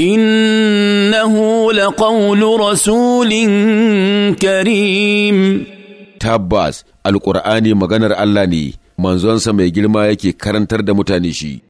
hula لقول rasulin Karim. Tabbas Alƙur'ani maganar Allah ne manzonsa mai girma yake karantar da mutane shi